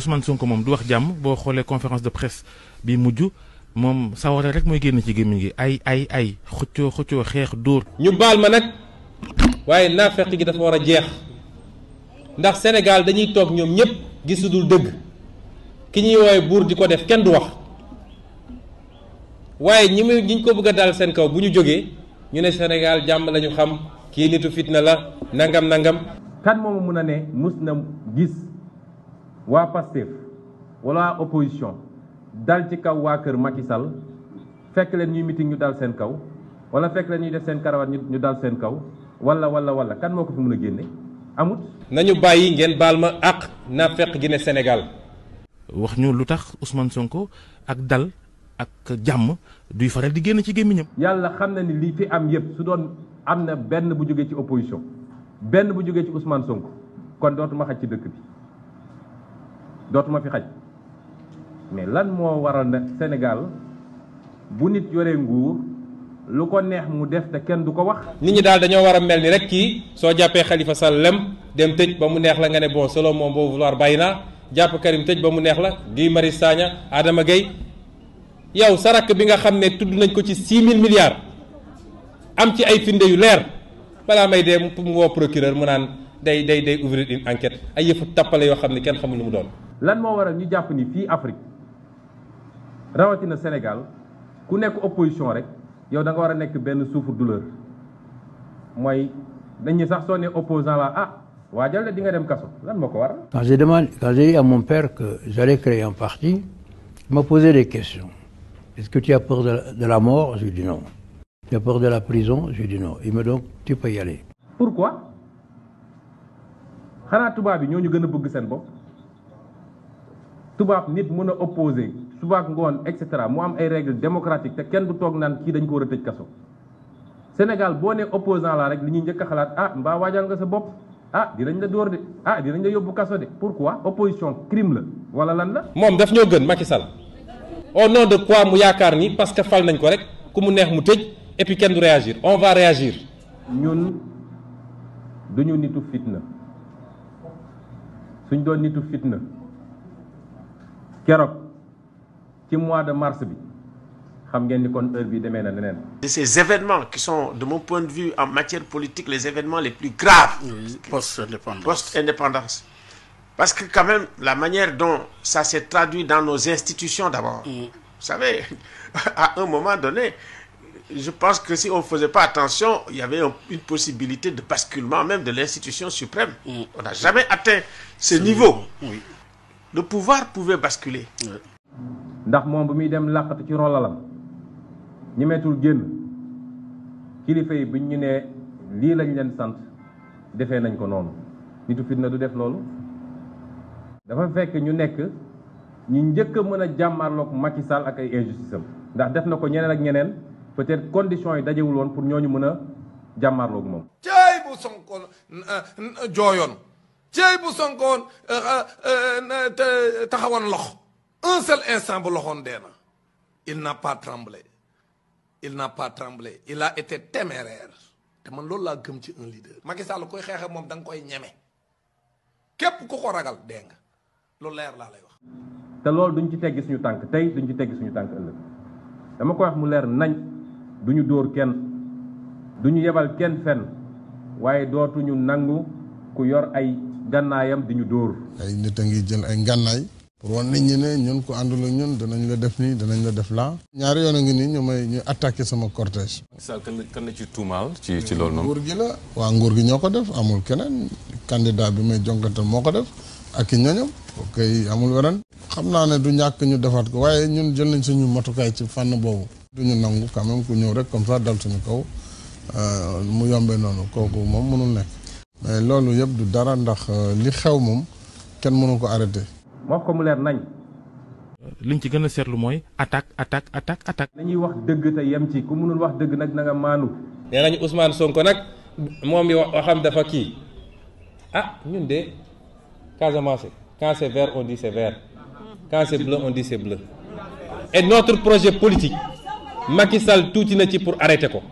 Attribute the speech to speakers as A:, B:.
A: Ousmane ko moom du wax jàmm boo xoolee conférence de presse bi mujj moom sawara rek mooy génn ci gémmiñ gi ay ay ay xëccoo xëccoo xeex dóor. ñu baal ma nag waaye naafeq gi dafa war a jeex ndax Sénégal dañuy toog ñoom ñëpp gisudul dëgg ki ñuy woowee buur di ko def kenn du wax waaye ñi muy ñi ko bëgg a dal seen kaw bu ñu jógee ñu ne Sénégal jàmm lañu xam kii nitu fitna la nangam nangam. kan moomu mën a ne mus na gis. waa Pastef wala waa opposition dal ci kaw waa kër Macky Sall fekk leen ñuy meeting ñu dal seen kaw wala fekk leen ñuy def seen karawaat ñu dal seen kaw wala wala wala kan moo ko fi mën a génne amut. nañu bàyyi ngeen baal ma àq naa fekk gi ne Sénégal. wax ñu lu tax Ousmane Sonko ak dal ak jàmm duy faral di génn ci gémmiñam yàlla xam na ni lii fi am yëpp su doon am na benn bu jógee ci opposition benn bu jógee ci Ousmane Sonko kon dootuma xaj ci dëkk bi. dootuma fi xaj mais lan moo waral nag Sénégal bu nit yoree nguur lu ko neex mu def te kenn du ko wax. nit ñi daal dañoo war a mel ni rek kii soo jàppee Khalifa Sall lem dem tëj ba mu neex la nga ne bon selon mon bon vouloir bàyyi naa jàpp Karim tëj ba mu neex la Guy Marius Sagna Adama Gueye yow sa rakk bi nga xam ne tudd nañ ko ci 6000 milliards am ci ay firnde yu leer balaa may dee mu mu woo procureur mu naan day day day ouvrir une enquête ay yëfu tappale yoo xam ne kenn xamul lu mu doon. lan moo war a ñu jàpp ni fii Afrique rawatina Sénégal ku nekk opposition rek yow danga war a nekk benn souffre-douleur mooy dañuy sax soo nee opposant la ah waajal la di nga dem kaso lan moo ko waral. quand j'ai demandé quand j'ai dit à mon père que j'allais créer un parti il m'a posé des questions est-ce que tu as peur de la, de la mort je lui ai dit non. tu as peur la prison je lui ai dit non il xanaa tubaab yi ñoo ñu gën a bëgg seen bopp. tubaab nit mën a opposé subaak ngoon et cetera mu am ay règles démocratiques te kenn du toog naan kii dañ ko war a tëj kaso Sénégal boo ne opposant la rek li ñuy njëkk a xalaat ah mbaa waajal nga sa bopp ah dinañ la dóor de ah dinañ la yóbbu kaso de pourquoi opposition crime la wala lan la. moom def ñoo gën Macky Sall au nom de quoi mu yaakaar ni parce que fal nañ ko rek ku mu neex mu tëj et puis kenn du réagir on va réagir. ñun duñu nitu fitna suñ doon nitu fitna. keroog ci mois de mars bi xam ngeen ni kon heure bi demee na neneen. de ces événements qui sont de mon point de vue en matière politique les événements les plus graves. post-indépendance post-indépendance. parce que quand la manière dont ça s'est traduit dans nos institutions d'abord. Mm. vous savez à un moment donné je pense que si on ne faisait pas attention il y avait une possibilité de basculement même de l'institution suprême. Mm. on n'a jamais atteint ce niveau. le pouvoir pouvait basculer. ndax moom bu muy dem làqatu ci rolalam ñi metul génn kilifa yi buñ ñu nee lii lañ leen sant defee nañ ko noonu nitu fitna du def loolu. dafa fekk ñu nekk ñu njëkk a mën a jàmmarloog Macky Sall ak ay injustice ndax def na ko ñeneen ak ñeneen peut-être conditions yi dajewul woon pour ñooñu mën a jàmmarloog moom. jaay bu Sonko jooyoon. cey bu sonkoon euh, euh, euh, taxawoon lox un seul instant bu loxoon dee na il n'a pas tremblé il n'a pas tremblé il a été téméraire te man loolu laa gëm ci un leader Macky Sall koy xeexe moom da nga koy ñeme képp ku ko ragal dee nga loolu leer laa lay wax te loolu duñ ci teggi suñu tànk tey duñ ci teggi suñu tànk ëllëg dama ko wax mu leer nañ duñu dóor kenn duñu yebal kenn fen waaye dootuñu nangu ku yor ay gànnaayam di ñu dóor. ay nit a ngi jël ay ngànnaay. pour wan nit ñi ne ñun ko àndul ak ñun danañ la def nii danañ la def laa. ñaari yoon a ngi nii ñu may ñu attaqué sama cortège. Sall kan kan la ci ci ci loolu noonu. nguur gi la waa nguur gi ñoo ko def amul keneen kandidaa bi may jonkantal moo ko def ak i ñoñam. ok amul weneen. xam naa ne du ñàkk ñu defaat ko waaye ñun jël nañ suñu matukaay ci fànn boobu. duñu nangu quand même ku ñëw rek comme ça dal suñu kaw euh, mu yombee noonu kooku moom mënul nekk. loolu yëpp du dara ndax euh, li xew moom kenn mënu ko arrêté. wax ko mu leer nañ. liñ ci gën a seetlu mooy attaque attaque attaque attaque. nañuy wax dëgg te yem ci ku mënul wax dëgg nag na nga maanu. nee nañu Ousmane Sonko nag moom mi waxam dafa kii ah ñun de Casamance quand c'est on dit c'est vert quand c'est on dit c'est bleu et notre projet politique Macky Sall tuuti na ci pour arrêter ko.